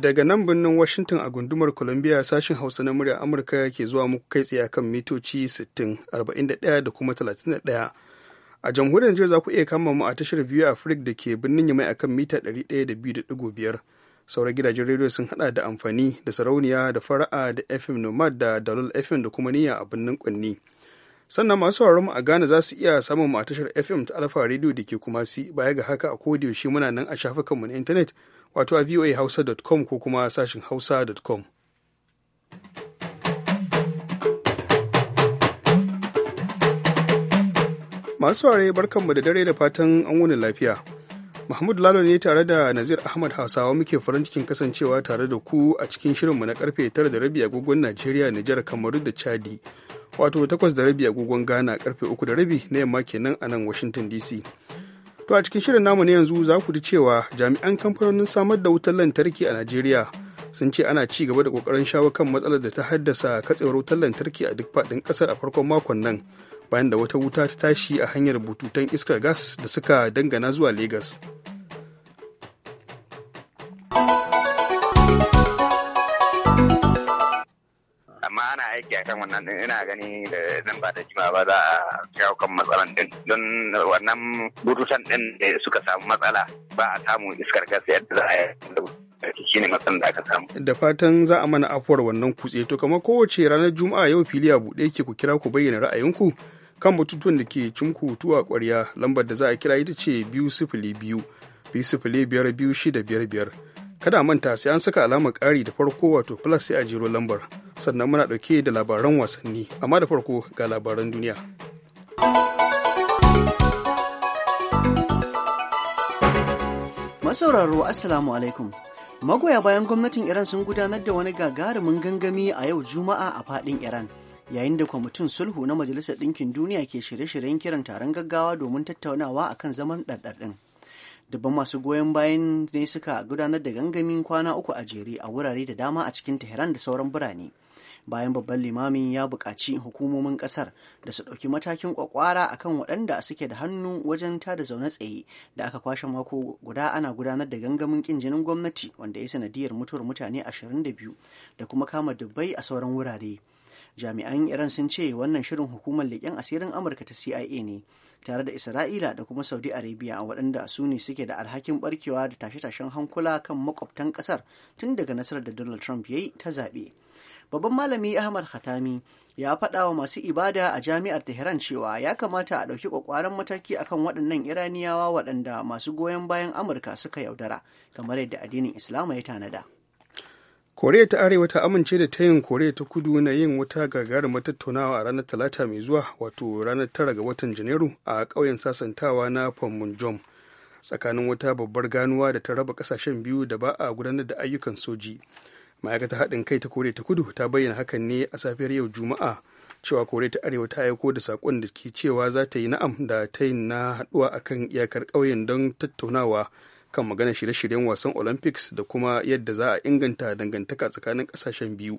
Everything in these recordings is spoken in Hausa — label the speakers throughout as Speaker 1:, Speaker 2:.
Speaker 1: daga nan birnin Washington a gundumar Columbia sashen Hausa na murya Amurka ke zuwa muku kai tsaye kan mitoci 60, 41 da kuma 31. A jamhuriyar Nijar za ku iya kama mu a tashar biyu Afrik da ke birnin Yamai akan mita 102.5. Sauran gidajen rediyo sun hada da amfani da sarauniya da fara'a da FM Nomad da Dalol FM da kuma niyya a birnin Kwanni. sannan masu sauraron mu a Ghana za su iya samun mu a tashar FM ta Alfa Radio da ke kuma si baya ga haka a yaushe muna nan a shafukanmu na intanet wato a voahausa.com ko kuma sashin hausa.com. Masu ware barkanmu da dare da fatan an wuni lafiya. Mahmud Lalo ne tare da Nazir Ahmad Hausawa muke farin cikin kasancewa tare da ku a cikin shirinmu na karfe tara da rabi agogon Najeriya, Nijar, Kamaru da Chadi. wato takwas da rabi agogon ghana karfe uku da rabi na yamma kenan a nan washington dc to a cikin shirin namu na yanzu za ku ji cewa jami'an kamfanonin samar da wutar lantarki a najeriya sun ce ana ci gaba da kokarin shawo kan matsalar da ta haddasa katsewar wutar lantarki a duk faɗin ƙasar a farkon makon nan bayan da wata wuta ta tashi a hanyar bututun iskar gas da suka dangana zuwa lagos
Speaker 2: ana aiki a kan wannan din ina gani da nan ba da jima ba za a kawo kan matsalan din don wannan burutan din da suka samu matsala ba a samu iskar gasa yadda za a yi shi ne matsalan da aka samu.
Speaker 1: Da fatan za a mana afuwar wannan kutse to kamar kowace ranar Juma'a yau filiya buɗe ke ku kira ku bayyana ra'ayinku kan batutuwan da ke cinku tuwa kwarya lambar da za a kira ita ce biyu sifili biyu biyu sifili biyar biyu shida biyar biyar. kada manta sai an saka alamar ƙari da farko wato plus sai a jiro lambar sannan muna ɗauke da labaran wasanni amma da farko ga labaran duniya
Speaker 3: masauraro assalamu alaikum magoya bayan gwamnatin iran sun gudanar da wani gagarumin gangami a yau juma'a a faɗin iran yayin da kwamitin sulhu na majalisar ɗinkin duniya ke shirye-shiryen kiran taron gaggawa domin tattaunawa akan zaman ɗarɗarɗin dubban masu goyon bayan ne suka gudanar da gangamin kwana uku a jere a wurare da dama a cikin tehran da sauran birane bayan babban limamin ya buƙaci hukumomin ƙasar da su ɗauki matakin kwakwara akan waɗanda suke da hannu wajen tada zaune tsaye da aka kwashe mako guda ana gudanar da gangamin ƙin jinin gwamnati wanda ya sanadiyar mutuwar mutane 22 da kuma kama dubbai a sauran wurare jami'an iran sun ce wannan shirin hukumar leƙen asirin amurka ta cia ne tare da isra'ila da kuma saudi arabia waɗanda su ne suke da alhakin barkewa da tashe-tashen hankula kan makwabtan ƙasar tun daga nasarar da donald trump ya yi ta zaɓe babban malami ahmad khatami ya faɗa wa masu ibada a jami'ar Tehran cewa ya kamata a ɗauki ƙwaƙwaran mataki akan waɗannan Iraniyawa waɗanda masu goyon bayan Amurka suka yaudara, kamar yadda addinin Islama ya tanada.
Speaker 1: koriya ta arewa ta amince da tayin koriya ta kudu na yin wata gagarumar tattaunawa a ranar talata mai zuwa wato ranar tara ga watan janairu a ƙauyen sasantawa na pomunjom tsakanin wata babbar ganuwa da ta raba ƙasashen biyu da ba a gudanar da ayyukan soji maaikata haɗin kai ta koriya ta kudu ta bayyana hakan ne a safiyar yau juma'a cewa koriya ta arewa ta aiko da saƙon da ke cewa za ta yi na'am da tayin na haɗuwa akan iyakar ƙauyen don tattaunawa kan magana shirye-shiryen wasan olympics da kuma yadda za a inganta dangantaka tsakanin kasashen biyu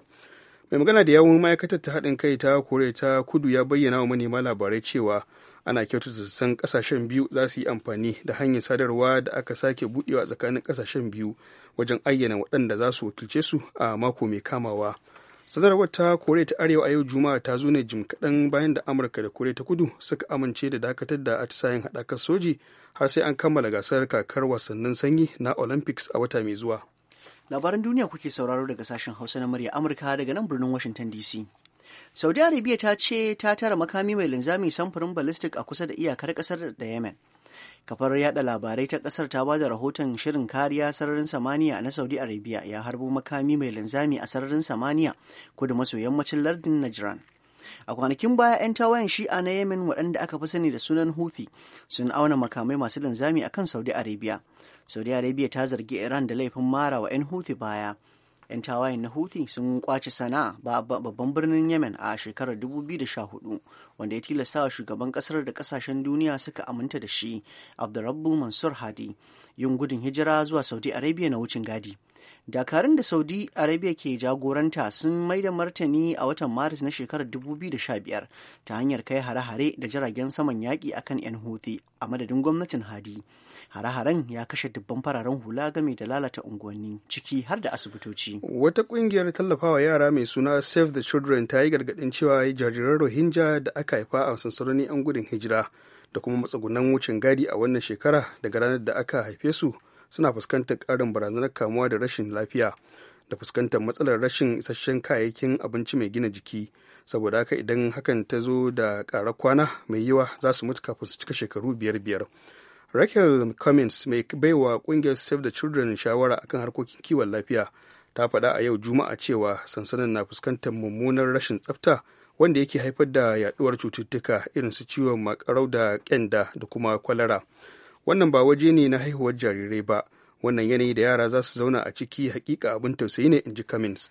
Speaker 1: mai magana da yawun ma'aikatar ta haɗin kai ta kore ta kudu ya bayyana wa manema labarai cewa ana kyautata san kasashen biyu za su yi amfani da hanyar sadarwa da aka sake buɗewa tsakanin kasashen biyu wajen ayyana waɗanda za su wakilce su a mako mai kamawa sadarwar ta koreya ta arewa a yau juma'a ta zo ne jim kaɗan bayan da amurka da koreya ta kudu suka amince da dakatar da atisayen haɗakar soji har sai an kammala gasar kakar wasannin sanyi
Speaker 3: na olympics a wata mai zuwa labaran duniya kuke sauraro daga sashen hausa na murya amurka daga nan birnin washington dc saudi arabia ta ce ta tara makami mai linzami samfurin ballistic a kusa da iyakar kasar da yemen kafar yada labarai ta kasar ta bada rahoton shirin kariya sararin samaniya na saudi arabia ya harbo makami mai linzami a sararin samaniya kudu maso yammacin lardin najran a kwanakin baya 'yan tawayan shi'a na yamin waɗanda aka fi sani da sunan hufi sun auna makamai masu linzami a kan saudi arabia saudi arabia ta zargi iran da laifin mara wa 'yan hufi baya 'yan tawayen na houthi sun kwace sana'a babban birnin yemen a shekarar 2014 wanda ya tilasta wa shugaban kasar da kasashen duniya suka aminta da shi abdurrabbu mansur hadi yin gudun hijira zuwa saudi arabia na wucin gadi dakarun da saudi arabia ke jagoranta sun mai da martani a watan maris na shekarar 2015 ta hanyar kai hare-hare da jiragen saman yaƙi akan 'yan houthi a madadin gwamnatin hadi hare-haren ya kashe dubban fararen hula game da lalata unguwanni ciki har da asibitoci
Speaker 1: wata ƙungiyar tallafawa yara mai suna save the children ta yi gargaɗin cewa jariran rohingya da aka haifa a sansanoni 'yan gudun hijira da kuma matsugunan wucin gadi a wannan shekara daga ranar da aka haife su suna fuskantar ƙarin barazanar kamuwa da rashin lafiya da fuskantar matsalar rashin isasshen kayayyakin abinci mai gina jiki saboda haka idan hakan ta zo da kara kwana mai yiwa za su mutu kafin su cika shekaru biyar biyar rachel cummins mai baiwa ƙungiyar save the children shawara akan harkokin kiwon lafiya ta faɗa a yau juma'a cewa sansanin na fuskantar mummunar rashin tsafta wanda yake haifar da yaduwar cututtuka irin su ciwon makarau da kyanda da kuma kwalara wannan ba waje ne na haihuwar jarirai ba wannan yanayi da yara za su zauna a ciki hakika abin tausayi ne in ji cummins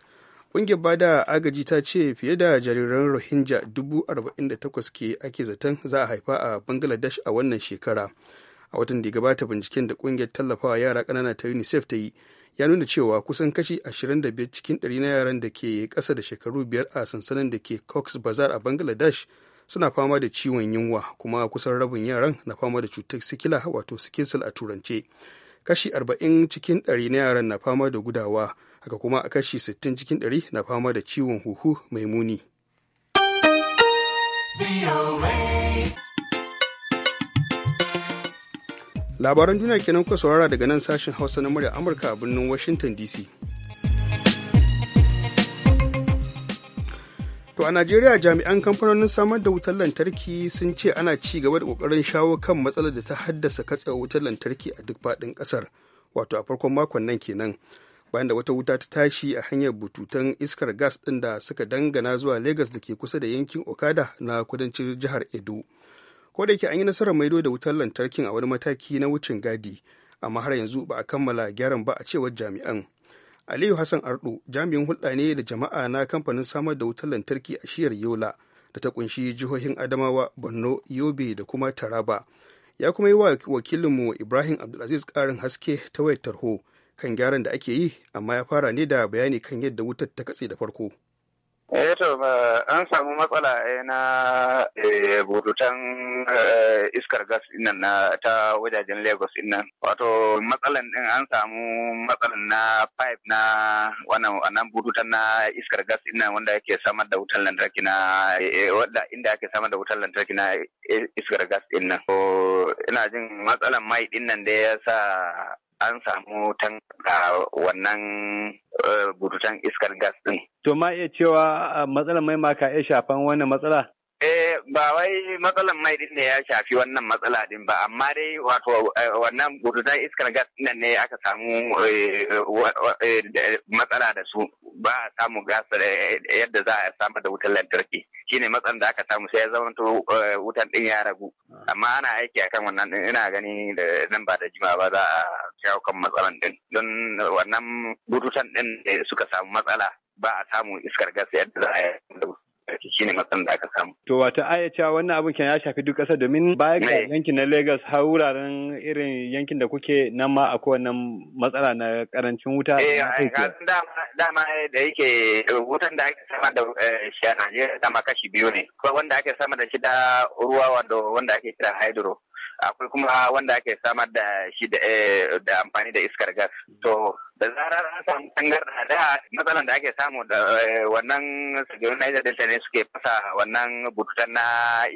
Speaker 1: ƙungiyar bada agaji ta ce fiye da jariran rohingya 48,000 ke ake zaton za a haifa a bangladesh a wannan shekara a watan da gabata binciken da ƙungiyar tallafawa yara ƙanana ta unicef ta yi ya nuna cewa kusan kashi 25 cikin 100 na yaran da ke ƙasa da shekaru biyar a sansanin da ke cox bazar a bangladesh suna fama da ciwon yunwa kuma kusan rabin yaran na fama da cutar sikila wato sikisil a turance kashi 40 cikin 100 na yaran na fama da gudawa haka kuma a kashi 60 cikin 100 na fama da ciwon huhu mai muni labaran duniya kenan kuka saurara daga nan sashen hausa na murya amurka a birnin washington dc To a Najeriya jami'an kamfanonin samar da wutar lantarki sun ce ana ci gaba da kokarin shawo kan matsalar da ta haddasa katsewa wutar lantarki a duk faɗin ƙasar, wato a farkon makon nan kenan. Bayan da wata wuta ta tashi a hanyar bututun iskar gas ɗin da suka dangana zuwa Legas da ke kusa da yankin Okada na kudancin jihar Edo. Ko da yake an yi nasarar maido da wutar lantarkin a wani mataki na wucin gadi, amma har yanzu ba a kammala gyaran ba a cewar jami'an. aliyu hassan ardo jami'in hulɗa ne da jama'a na kamfanin samar da wutar lantarki a shiyar yola da ta kunshi jihohin adamawa borno yobe da kuma taraba ya kuma yi wa wakilinmu ibrahim abdulaziz Karin haske ta wayar tarho kan gyaran da ake yi amma ya fara ne da bayani kan yadda wutar ta katse da farko
Speaker 2: Eh to an samu matsala eh, na eh, bututan eh, iskar gas nan na ta wajajen Lagos nan. Wato matsalan din an samu matsalan na pipe na wannan wannan bututan na iskar gas nan wanda yake samar da wutar lantarki na wanda inda ake samar da wutar lantarki na iskar gas din nan. ina jin matsalan mai din nan da ya sa an samu tanka wannan eh, burtan iskar gas din.
Speaker 4: To ma iya
Speaker 5: cewa matsalar mai ma ka iya shafan wannan matsala?
Speaker 2: Eh ba wai matsalan mai din ne ya shafi wannan matsala din ba amma dai wato eh, wannan gudunar iskar gas nan ne aka samu eh, eh, matsala da su ba a samu gas yadda za a samar da wutar lantarki shine matsalan da aka samu sai ya zama to wutan din ya ragu amma ana aiki akan wannan din ina gani da nan ba da jima ba za a shawo kan matsalan din don wannan gudunar din suka samu matsala ba a samu iskar gas yadda za a yi ne matsan da aka samu.
Speaker 1: To wata aya wannan abin ya shafi duk ƙasa domin baya ga eh. yankin na Lagos har wuraren irin yankin da kuke nan ma akwai wannan matsala na karancin wuta. Eh
Speaker 2: dama da yake eh, wutan da ake sama da eh, shi a Najeriya dama kashi biyu ne. Wanda ake sama da shi da ruwa wato wanda ake kira hydro. Akwai kuma wanda ake samar da shi da amfani da iskar gas. To da zarar an samu tangar da matsalan da ake samu da eh, wannan na Niger Delta ne suke fasa wannan bututan na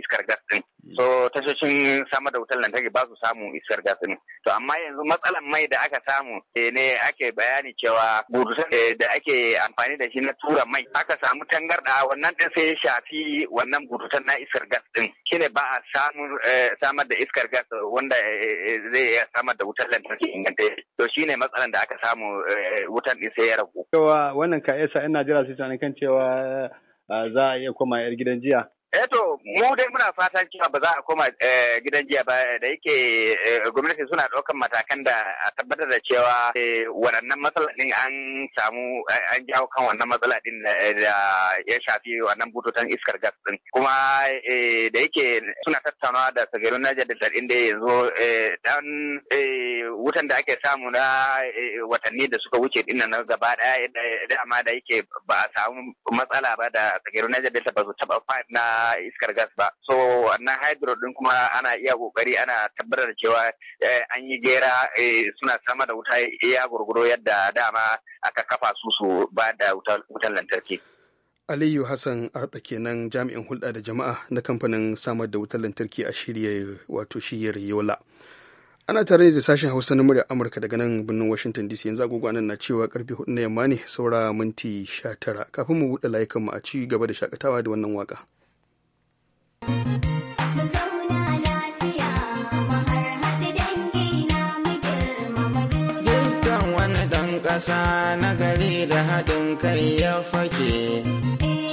Speaker 2: iskar gas din so tashoshin samar da wutar lantarki ba su samu iskar gas ne to amma yanzu matsalan mai da aka samu eh, ne ake bayani cewa eh, da ake amfani da shi na tura mai aka samu tangarda wannan din sai ya shafi wannan burutun na iskar gas din shine ba a samu eh, samar da iskar gas wanda zai iya samar da wutar lantarki ingantacce to shine matsalan da aka samu wutar din sai ya ragu
Speaker 1: cewa wannan ka yasa yan Najeriya su tunanin kan cewa
Speaker 4: za a iya koma yar gidan jiya
Speaker 2: Eto eh, mu dai muna fatan cewa ba za a koma eh, gidan jiya ba eh, da yake gwamnati suna ɗaukan matakan da a tabbatar da cewa waɗannan matsala ɗin an samu an jawo kan wannan matsala ɗin da ya shafi wannan bututun iskar gas ɗin. Kuma da yake suna tattaunawa da sagarin Niger da ɗin da yanzu dan wutan da ake samu na watanni da suka wuce ɗin na gaba ɗaya dama da yake ba a samu matsala ba da sagarun Niger Delta ba su taɓa na iskar gas ba so wannan hydro din kuma ana iya kokari ana tabbatar da cewa eh, an yi gera eh, suna sama da wuta ya gurguro yadda dama aka kafa su su ba da wutan lantarki
Speaker 1: Aliyu Hassan Arda kenan jami'in hulɗa da jama'a na kamfanin samar da wutar lantarki a shirya wato shiyar Yola. Ana tare da sashen Hausa na muryar Amurka daga nan birnin Washington DC yanzu agogo nan na cewa karfe hudu na yamma ne saura minti 19 kafin mu buɗe layukan mu a ci gaba da shakatawa da wannan waka.
Speaker 6: ƙasa na gari da haɗin kai ya fake eh.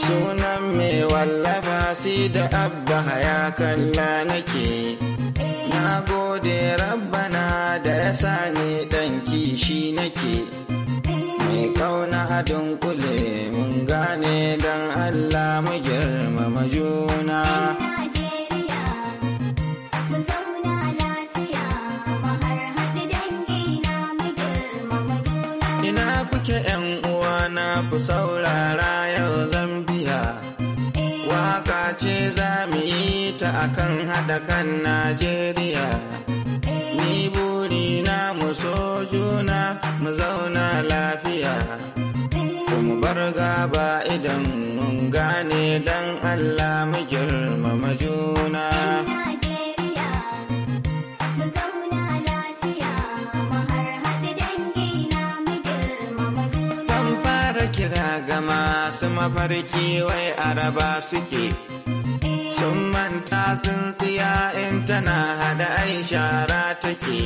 Speaker 6: sunan mai wallafa si da abba ya kalla nake eh. na gode rabbana da ya ni ɗan kishi nake mai kauna a dunkule mun gane don Allah mu girmama juna. Ina kuke ‘yan uwa na ku saurara yau Zambiya, eh. waka ce za mu yi ta akan haɗa kan Najeriya. so juna mu zauna lafiya mu bar gaba idan mun gane dan Allah mu girmama juna kira ga masu mafarki wai araba suke eh. sun manta sun siya in tana hada aishara take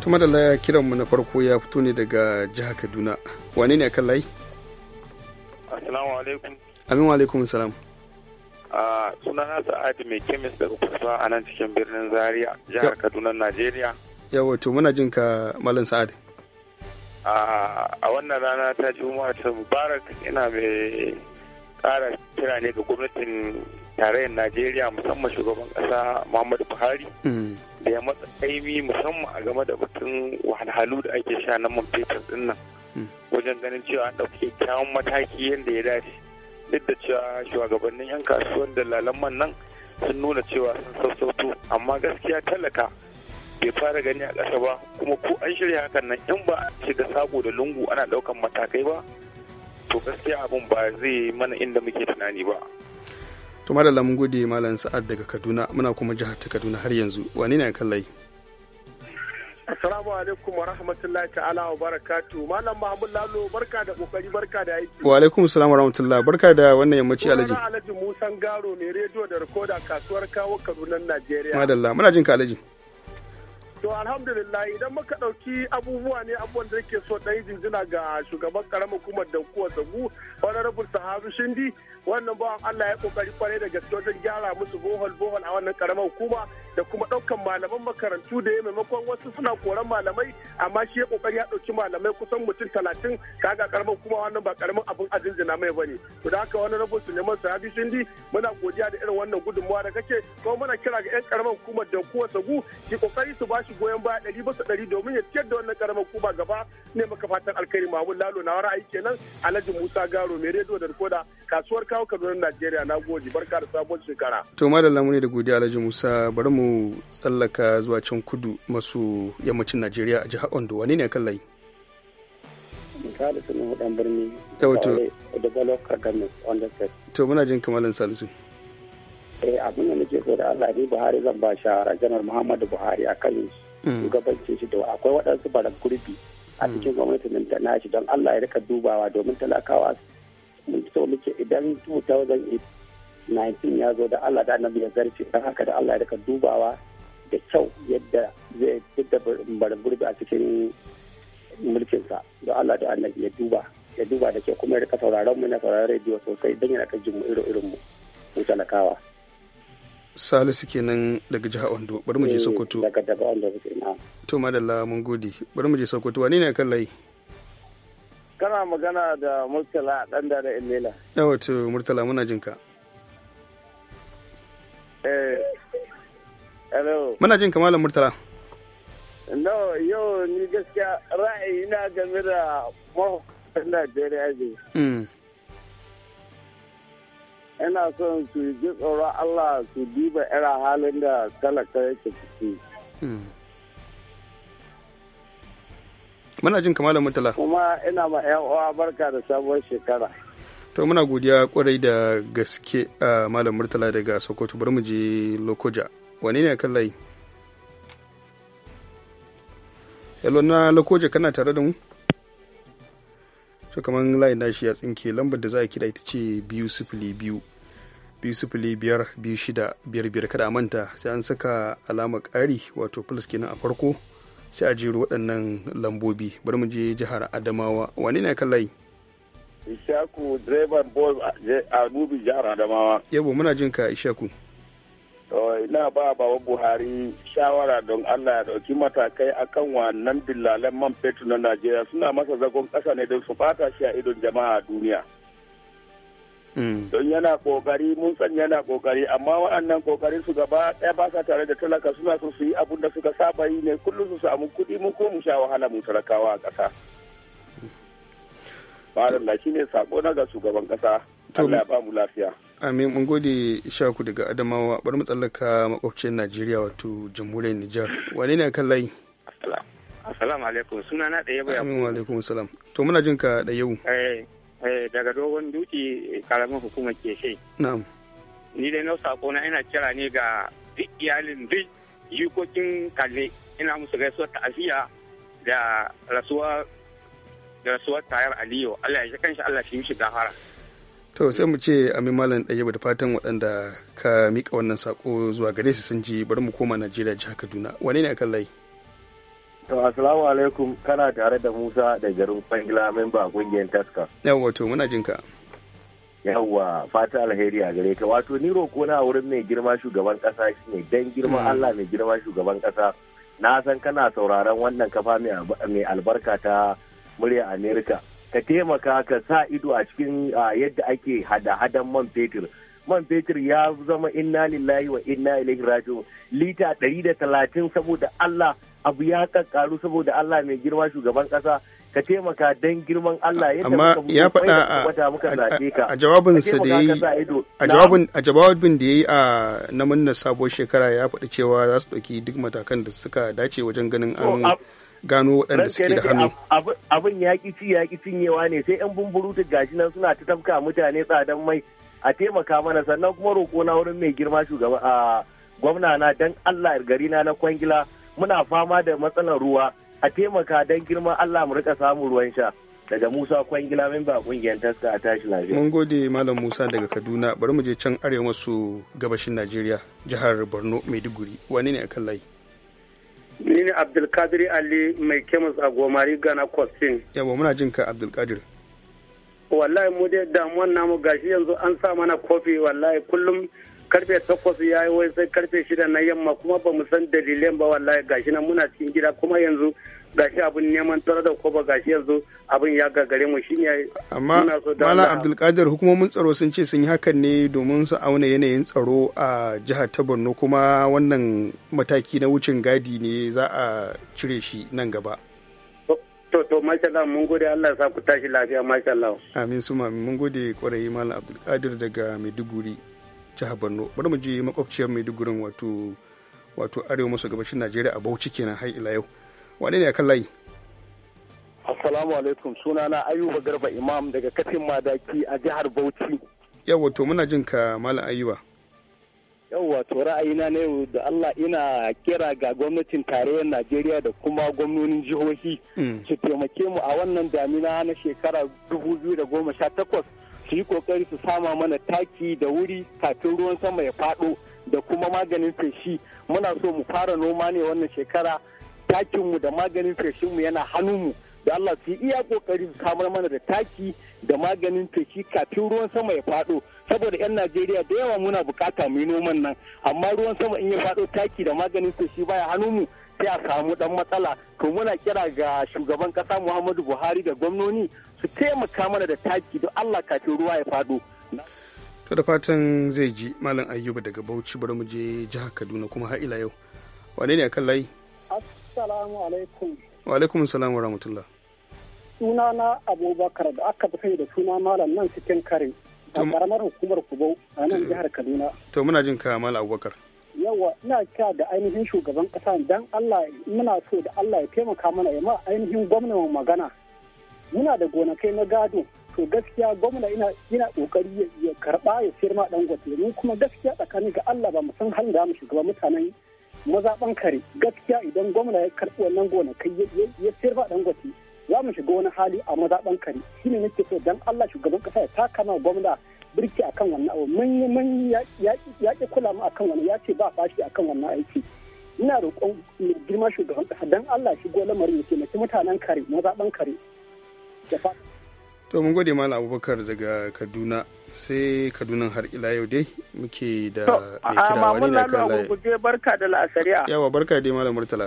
Speaker 1: tuma da laya mu na farko ya fito ne daga jihar kaduna wane ne kan layi
Speaker 7: assalamu alaikum
Speaker 1: amin wa alaikum salam
Speaker 7: a na sa'adu mai kemis daga kusa a nan cikin birnin zaria jihar kaduna najeriya
Speaker 1: yawa to muna jin ka malam sa'ad
Speaker 7: a wannan rana ta juma'a ta mubarak ina mai kara kira ne ga gwamnatin tarayyar najeriya musamman shugaban kasa muhammadu buhari mm. da ya matsa kaimi musamman a game da batun wahalhalu da ake sha na man fetur din nan hmm. wajen ganin cewa an ɗauki kyawun mataki yadda ya dace duk da cewa shugabannin yan kasuwan da lalaman nan sun nuna cewa sun sassauto amma gaskiya talaka bai fara gani a ƙasa ba kuma ko an shirya hakan nan in ba ce da sabo da lungu ana ɗaukan matakai ba to gaskiya abin ba zai mana inda muke tunani ba
Speaker 1: to madalla mun gode malam sa'ad daga kaduna muna kuma jihar ta kaduna har yanzu wani ne kan layi
Speaker 7: Assalamu alaikum wa rahmatullahi ta'ala wa barakatu. Malam mahmud Lalo
Speaker 1: barka da kokari barka da aiki. Wa alaikum salam wa rahmatullahi barka da wannan yammaci Alhaji. Alhaji Musan Garo ne rediyo da rikoda kasuwar kawo Kaduna Najeriya. Madalla muna jin ka Alhaji.
Speaker 7: To alhamdulillah idan muka ɗauki abubuwa ne abubuwan da yake so ɗaya jinjina ga shugaban karamar hukumar dankuwa sagu honorable sahabu shindi wannan bawan Allah ya kokari kwarai da gaske wajen gyara musu bohol bohol a wannan karamar hukuma da kuma ɗaukan malaman makarantu da ya maimakon wasu suna koran malamai amma shi ya kokari ya ɗauki malamai kusan mutum talatin kaga karamar hukuma wannan ba karamin abin a jinjina mai bane to da haka wannan rabu neman Sahabi Shindi muna godiya da irin wannan gudunmawa da kake kuma muna kira ga 'yan karamar hukumar dankuwa sagu ki kokari su ba su goyon baya ɗari bisa ɗari domin ya ciyar da wannan karamar kuba gaba ne maka fatan alkhairi mamun lalo na ra'ayi kenan alhaji musa garo mai rediyo da rikoda kasuwar kawo kaduna najeriya na goji barka da sabon shekara.
Speaker 1: to madalla ne da godiya alhaji musa bari mu tsallaka zuwa can kudu masu yammacin najeriya a jihar ondo wani ne kan layi.
Speaker 7: Salisu Nuhu hudan Birni. Yawato. Da Balokar Gamis on the set.
Speaker 1: To muna jin kamalin Salisu.
Speaker 7: eh abin da nake so da Allah ne Buhari zan ba shawara janar Muhammadu Buhari a kan mm. shugabancin shi da akwai waɗansu baran kurbi
Speaker 4: a mm. cikin gwamnatin
Speaker 7: nan ta nashi don Allah ya rika dubawa domin talakawa mun so muke idan 2019 ya zo da Allah da annabi ya zarce don haka da Allah ya rika dubawa da kyau yadda zai fitta baran gurbi a cikin mulkinsa don Allah da annabi ya duba ya duba da kyau kuma ya rika sauraron mu na sauraron rediyo sosai don yana kan jin mu irin mu mu talakawa.
Speaker 1: salisu kenan daga jihar ondo bari mu je eh, sokoto to madalla mun gode bari mu je sokoto wani ne kan layi
Speaker 7: kana magana da murtala dan da da illela
Speaker 1: yawa to murtala muna jin ka
Speaker 7: eh hello
Speaker 1: muna jin ka malam murtala
Speaker 7: no yau ni gaskiya ra'ayi na game da mahukuntan Najeriya ne hmm. ina son su ji tsoron Allah su diba ira halin da talaka yake ciki.
Speaker 1: Hmm. Muna jin kamalan mutala.
Speaker 7: Kuma ina ma 'yan uwa barka da sabon shekara.
Speaker 1: To muna godiya kwarai da gaske a Malam Murtala daga Sokoto bari mu je Lokoja. Wane ne kan layi? Hello na Lokoja kana tare da mu? To kamar layin nashi ya tsinke lambar da za a kira ita ce biyu sifili biyu biyu sifili biyar biyu shida biyar biyar kada a manta sai an saka alama kari wato plus kenan a farko sai a jero waɗannan lambobi bari mu je jihar adamawa wani ne kallai
Speaker 7: ishaku direban bol a nubi jihar adamawa
Speaker 1: yabo muna jin ka ishaku
Speaker 7: ina ba baba buhari shawara don allah ya ɗauki matakai akan wannan dillalan man fetur na najeriya suna masa zagon ƙasa ne don su fata shi a idon jama'a a duniya Mm. don yana kokari mun san yana kokari amma waɗannan kokarin su gaba ɗaya ba sa tare da talaka suna so su yi abun da suka saba yi ne kullum su samu kuɗi mun ko mu sha wahala mu talakawa a ƙasa malam na shine sako na ga shugaban ƙasa Allah ya ba mu lafiya
Speaker 1: amin mun gode shaku daga adamawa bari mu tsallaka makwabcin najeriya wato jamhuriyar nijar wane ne kan layi
Speaker 7: assalamu alaikum suna na ɗaya ya
Speaker 1: amin wa alaikum assalam to muna jin ka da yau
Speaker 7: eh. Eh, daga dogon duki karamin hukumar keshe ni dai na sako na ina kira ne ga duk iyalin duk jikokin kalle ina musu gaisuwar ta'aziyya da rasuwar da rasuwar tayar aliyu allah ya ji kanshi allah shi mishi gafara
Speaker 1: to sai mu ce amin malam ɗaya da fatan waɗanda ka mika wannan sako zuwa gare su sun ji bari mu koma najeriya jihar kaduna wane ne akan layi
Speaker 5: To asalamu alaikum kana tare da Musa da garin Kwangila memba kungiyar Taska.
Speaker 1: Yawwa to muna jin ka.
Speaker 5: Yawwa fata alheri a gare ka wato ni roko na wurin mai girma shugaban kasa shine dan girma hmm. Allah mai girma shugaban kasa na san kana sauraron wannan kafa mai albarka ta murya Amerika ka taimaka ka sa ido a cikin yadda ake hada-hadan man fetur man fetur ya zama inna lillahi wa inna ilaihi raji'un lita talatin saboda Allah abu ya kakkaru saboda Allah mai girma shugaban kasa ka taimaka dan girman Allah yadda amma ya faɗa a jawabin sa da yi a jawabin
Speaker 1: a jawabin da yayi a na sabuwar shekara ya faɗi cewa za su ɗauki duk matakan da suka dace wajen ganin an gano waɗanda suke da hannu.
Speaker 5: Abin ya ƙi ci ya ƙi cinyewa ne sai 'yan bumburutun gashi nan suna ta tafka mutane tsadan mai a taimaka mana sannan kuma roƙo na wurin mai girma shugaba gwamna na dan Allah gari na na kwangila muna fama da matsalar ruwa a taimaka don girma Allah mu rika samun ruwan sha daga Musa Kwangila memba kungiyar taska a tashi
Speaker 1: lafiya. Mun gode Malam Musa daga Kaduna bari mu je can arewa maso gabashin Najeriya jihar Borno Maiduguri wani ne kan layi?
Speaker 7: Ni ne Abdulkadir Ali mai kemis a Gomari Ghana Kwastin.
Speaker 1: Yawa muna jin ka Abdulkadir.
Speaker 7: Wallahi mu dai damuwan namu gashi yanzu an sa mana kofi wallahi kullum karfe takwas ya yi wai sai karfe shida na yamma kuma ba mu san dalilan ba wallahi gashi nan muna cikin gida kuma yanzu gashi abin neman tara da koba gashi yanzu abin ya gagare mu ne amma mala
Speaker 1: abdulkadir hukumomin tsaro sun ce sun yi hakan ne domin su auna yanayin tsaro a jihar ta borno kuma wannan mataki na wucin gadi ne za a cire shi nan gaba
Speaker 7: to to mashallah mun gode Allah ya sa ku tashi lafiya mashallah
Speaker 1: amin su mun gode kwarai mala abdulkadir daga maiduguri jihar borno bari mu je makwabciyar maidugurin wato wato arewa maso gabashin najeriya a bauchi kenan har ila yau wane ne kan layi
Speaker 7: assalamu
Speaker 5: alaikum na ayuba garba imam daga katin madaki a jihar bauchi
Speaker 1: yawa to muna jin ka malam ayuba
Speaker 5: yawa to ra'ayina na yau da Allah ina kira ga gwamnatin tarayyar Najeriya da kuma gwamnonin jihohi mm. su taimake mu a wannan damina na shekara 2018 su yi kokari su sama mana taki da wuri kafin ruwan sama ya faɗo da kuma maganin feshi muna so mu fara noma ne wannan shekara takinmu da maganin feshinmu yana hannunmu da Allah su iya kokari su samar mana da taki da maganin feshi kafin ruwan sama ya faɗo saboda 'yan Najeriya da yawa muna bukata mu yi noman nan amma ruwan sama in ya faɗo taki da maganin feshi baya hannunmu sai a samu dan matsala to muna kira ga shugaban kasa Muhammadu Buhari da gwamnoni su taimaka mana da taki don Allah kafin ruwa ya fado.
Speaker 1: To da fatan zai ji Malam Ayyuba daga Bauchi bari mu je jihar Kaduna kuma har ila yau. Wane ne akan layi?
Speaker 5: Assalamu alaikum.
Speaker 1: Wa alaikum salam wa rahmatullah.
Speaker 5: Sunana Abubakar da aka fi da suna Malam nan cikin kare. Da karamar hukumar Kubo a nan jihar Kaduna.
Speaker 1: To muna jin ka Malam Abubakar.
Speaker 5: yawa ina kira da ainihin shugaban kasa dan Allah muna so da Allah ya taimaka mana ya ma ainihin gwamnan magana muna da gonakai na gado to gaskiya gwamna ina ina kokari ya karba ya sayar ma gwate mu kuma gaskiya tsakanin ga Allah ba mu san halin da mu shiga mutanen mazaban kare gaskiya idan gwamna ya karbi wannan gonakai ya sayar ma gwate za mu shiga wani hali a mazaban kare shine nake so dan Allah shugaban kasa ya taka ma gwamna birki akan wannan abu mun mun ya ki kula mu akan wannan ya ce ba fashi akan wannan aiki ina roƙon girma shugaban kasa dan Allah shigo lamarin ya taimaki mutanen kare mazaban kare to
Speaker 1: mun gode malam abubakar daga kaduna sai kaduna har ila yau dai muke da mai kira wani da kan layi
Speaker 7: barka da la'asariya yawa
Speaker 1: barka dai malam murtala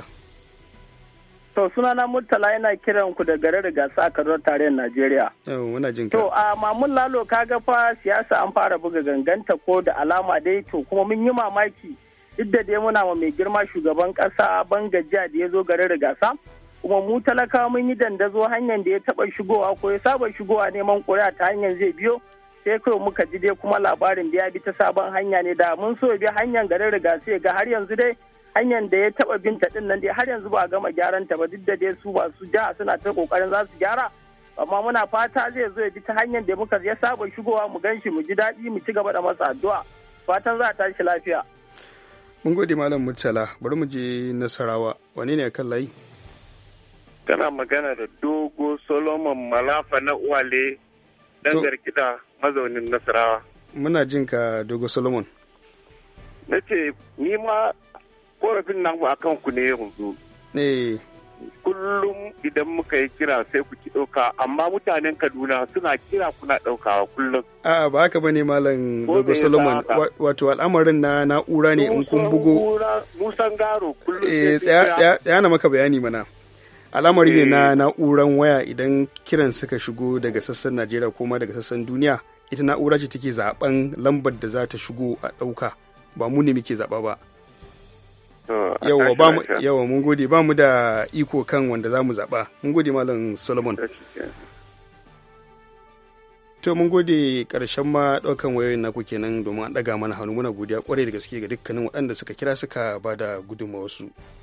Speaker 7: to suna na murtala yana kiran ku da garin gasa a kaduna tarayyar najeriya
Speaker 1: yawa muna jin to
Speaker 7: a mamun lalo kaga fa siyasa an fara buga ganganta ko da alama dai to kuma mun yi mamaki duk da dai muna ma mai girma shugaban kasa ban gajiya da ya zo garin gasa. kuma mu talaka mun yi dandazo hanyar da ya taba shigowa ko ya saba shigowa neman ƙuri'a ta hanyar zai biyo sai kawai muka ji dai kuma labarin da ya bi ta sabon hanya ne da mun so bi hanyar garin riga sai ga har yanzu dai hanyar da ya taba binta din nan dai har yanzu ba a gama gyaran ta ba duk da dai su ba su ja suna ta kokarin za su gyara amma muna fata zai zo ya bi ta hanyar da muka ya saba shigowa mu gan shi mu ji daɗi mu ci gaba da masa addu'a fatan za a tashi lafiya
Speaker 1: mun gode malam murtala bari mu je nasarawa wane ne kan layi
Speaker 7: Kana magana da Dogo Solomon Malafa na Uwale dan garkida mazaunin Nasarawa.
Speaker 1: Muna jin ka Dogo Solomon.
Speaker 7: Na ce, ni ma korafin nan a kan ku ne yanzu. Kullum idan muka yi kira sai ku ki ɗauka, amma mutanen Kaduna suna kira kuna ɗaukawa kullum.
Speaker 1: A ba haka ne Malam Dogo Solomon, wato al'amarin na na'ura ne in kun bugo.
Speaker 7: Musan garo
Speaker 6: kullum.
Speaker 1: Eh, tsaya na maka bayani mana. al'amari ne na eh. na'uran waya idan kiran suka shigo daga sassan najeriya ko ma daga sassan duniya ita na'ura ce take zaben lambar da za ta shigo a ɗauka ba mu ne muke zaɓa ba yawa mun gode ba mu da iko kan wanda za mu zaɓa mun gode malam solomon to mun gode karshen ma ɗaukan wayoyin naku kenan domin an ɗaga mana hannu muna godiya kwarai da gaske ga dukkanin waɗanda suka kira suka ba da gudunmawarsu. su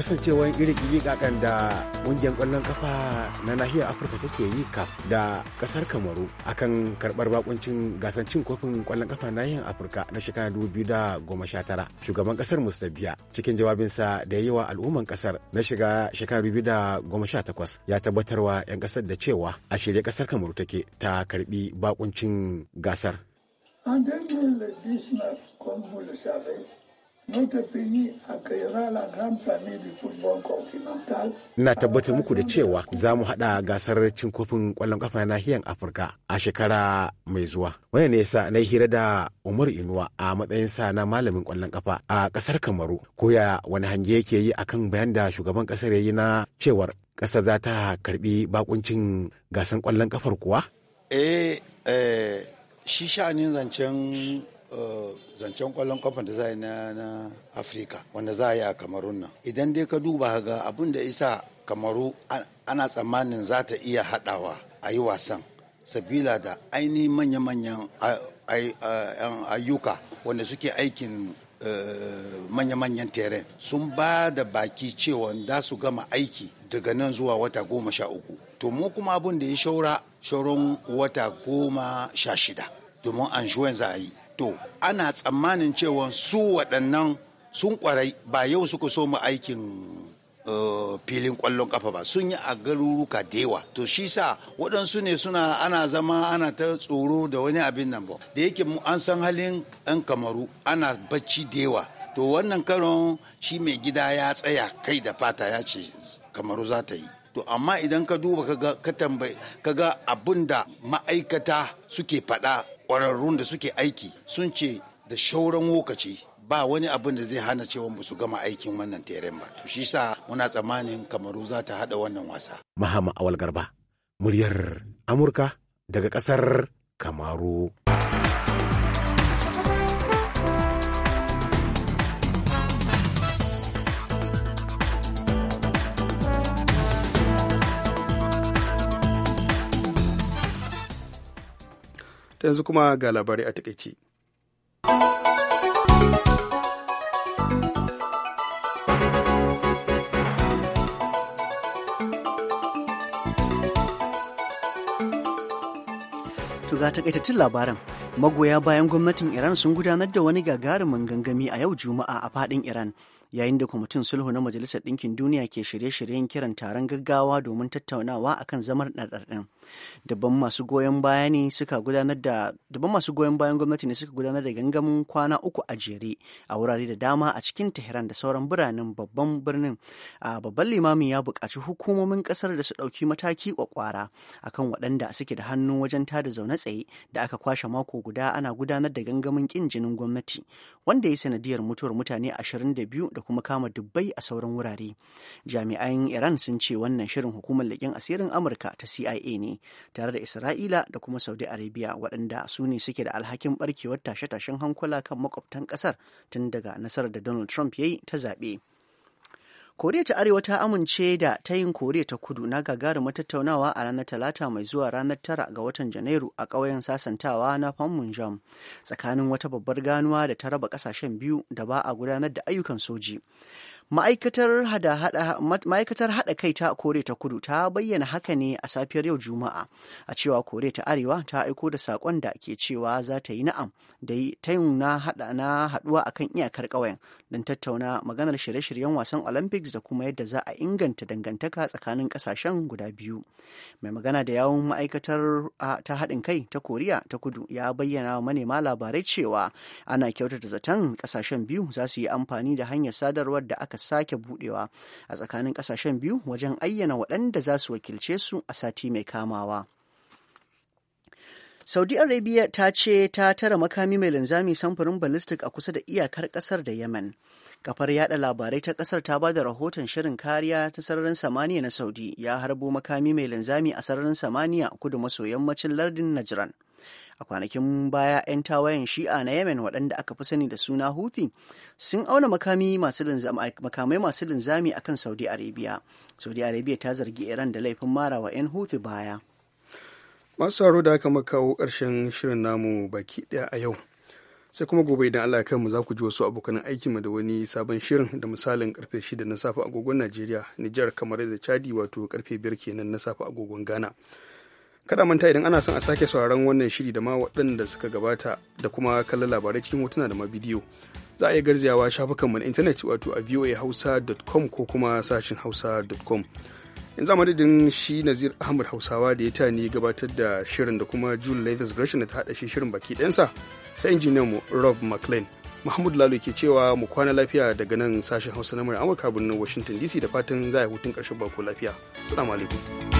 Speaker 8: kasancewa irin ƙiƙiƙaƙen da ƙungiyar ƙwallon kafa na nahiyar afirka take yi kaf da ƙasar kamaru akan karɓar bakuncin gasar cin kofin ƙwallon kafa nahiyar afirka na shekarar tara. shugaban ƙasar mustabiya cikin jawabinsa da ya yi wa al'umman ƙasar na shiga shekarar takwas ya tabbatarwa 'yan ƙasar da cewa a shirye ƙasar kamaru take ta karɓi bakuncin gasar. Notre Ina tabbatar muku da cewa za mu haɗa gasar cin kofin ƙwallon ƙafa nahiyar Afirka a shekara mai zuwa. wani ne yasa na hira da Umar Inuwa a matsayinsa na malamin ƙwallon ƙafa a ƙasar Kamaru. Koya wani hange yake yi akan bayan da shugaban ƙasar ya yi na cewar ƙasa za ta karɓi bakuncin gasan ƙwallon ƙafar kuwa?
Speaker 4: Eh, eh shi sha'anin zancen zancen kwallon kafa da za na na afirka wanda za a yi a kamarun nan idan dai ka duba ga abin da isa kamaru ana tsammanin za ta iya haɗawa a yi wasan sabila da aini manya-manyan ayyuka wanda suke aikin eh, manya-manyan teren sun ba da baki cewa da su gama aiki daga nan zuwa wata goma sha uku to mu kuma abin da ya shaura shauran wata goma sha shida domin an za a yi to ana tsammanin cewa su waɗannan sun kwarai ba yau suka so mu aikin eh, filin kwallon kafa ba sun yi a garuruka da yawa to shi sa waɗansu ne suna ana zama ana ta tsoro da wani abin nan ba da yake mu an san halin 'yan kamaru ana bacci da yawa to wannan karon shi mai gida ya tsaya kai da fata ya ce kamaru za ta yi to amma idan ka duba ka ga abin da ma'aikata suke faɗa ƙwararrun da suke aiki sun ce da shauran wokaci ba wani abin da zai hana cewa ba su gama aikin wannan teren ba to shi sa muna tsammanin kamaru za ta hada wannan wasa
Speaker 8: mahama awal garba muryar amurka daga kasar kamaru
Speaker 1: ta yanzu kuma ga labarai a takaice.
Speaker 3: ga takaitattun labaran magoya bayan gwamnatin iran sun gudanar da wani gagarumin gangami a yau juma'a a fadin iran yayin da kwamitin sulhu na majalisar ɗinkin duniya ke shirye-shiryen kiran taron gaggawa domin tattaunawa akan zamar ɗarɗarɗin daban masu goyon baya ne suka gudanar da daban masu goyon bayan gwamnati ne suka gudanar da gangamin kwana uku a jere a wurare da dama a cikin Tehran da sauran biranen babban birnin a babban limamin ya buƙaci hukumomin ƙasar da su ɗauki mataki kwakwara akan waɗanda suke da hannu wajen tada zaune tsaye da aka kwashe mako guda ana gudanar da gangamin ƙin jinin gwamnati wanda ya sanadiyar mutuwar mutane 22 da kuma kama dubbai a sauran wurare jami'an iran sun ce wannan shirin hukumar leƙen asirin amurka ta cia ne tare da isra'ila da kuma saudi arabia waɗanda su ne suke da alhakin barkewar tashe-tashen hankula kan makwabtan ƙasar tun daga nasarar da donald trump ya yi ta zaɓe koriya ta arewa ta amince da ta yin koriya ta kudu na gagarumar tattaunawa a ranar talata mai zuwa ranar tara ga watan janairu a ƙauyen sasantawa na panmunjom tsakanin wata babbar ganuwa da ta raba ƙasashen biyu da ba a gudanar da ayyukan soji Ma'aikatar haɗa kai ta Kore ta Kudu ta bayyana haka ne a safiyar yau Juma'a, a cewa Kore ta Arewa ta aiko da saƙon da ke cewa za ta yi na'am da ta yi na haɗa na haɗuwa akan iyakar ƙawayen don tattauna maganar shirye-shiryen wasan Olympics da kuma yadda za a inganta dangantaka tsakanin ƙasashen guda biyu. Mai magana da yawon ma'aikatar ta haɗin kai ta Koriya ta Kudu ya bayyana wa manema labarai cewa ana kyautata zaton ƙasashen biyu za su yi amfani da hanyar sadarwar da aka sake budewa a tsakanin kasashen biyu wajen ayyana waɗanda za su wakilce su a sati mai kamawa. Saudi Arabia ta ce ta tara makami mai linzami samfurin ballistic a kusa da iyakar kasar da Yemen. Kafar yada labarai ta kasar ta bada rahoton shirin kariya ta sararin samaniya na Saudi ya harbo makami mai linzami a sararin samaniya kudu maso yammacin lardin Najran. a kwanakin baya 'yan tawayen shi'a na yemen waɗanda aka fi sani da suna huti sun auna makamai masu linzami akan saudi arabia saudi arabia ta zargi iran da laifin marawa 'yan huti baya masu haro da aka makawo
Speaker 1: karshen shirin namu baki ɗaya a yau sai kuma gobe idan Allah ya kai mu za ku ji wasu abokan aikinmu da wani sabon shirin da misalin karfe shida na safe agogon Najeriya, Nijar kamar da Chadi wato karfe biyar kenan na safe agogon Ghana. kada manta idan ana son a sake sauraron wannan shiri da ma waɗanda suka gabata da kuma kallon labarai cikin hotuna da ma bidiyo za a iya garzayawa shafukanmu na intanet wato a voahausa.com ko kuma sashin hausa.com in za madadin shi nazir ahmad hausawa da ya tani gabatar da shirin da kuma jule lathis gresham da ta haɗa shi shirin baki ɗansa sai injiniyan mu rob mclean mahmud lalo ke cewa mu kwana lafiya daga nan sashen hausa na amurka birnin washington dc da fatan za a hutun ƙarshen bako lafiya salamu alaikum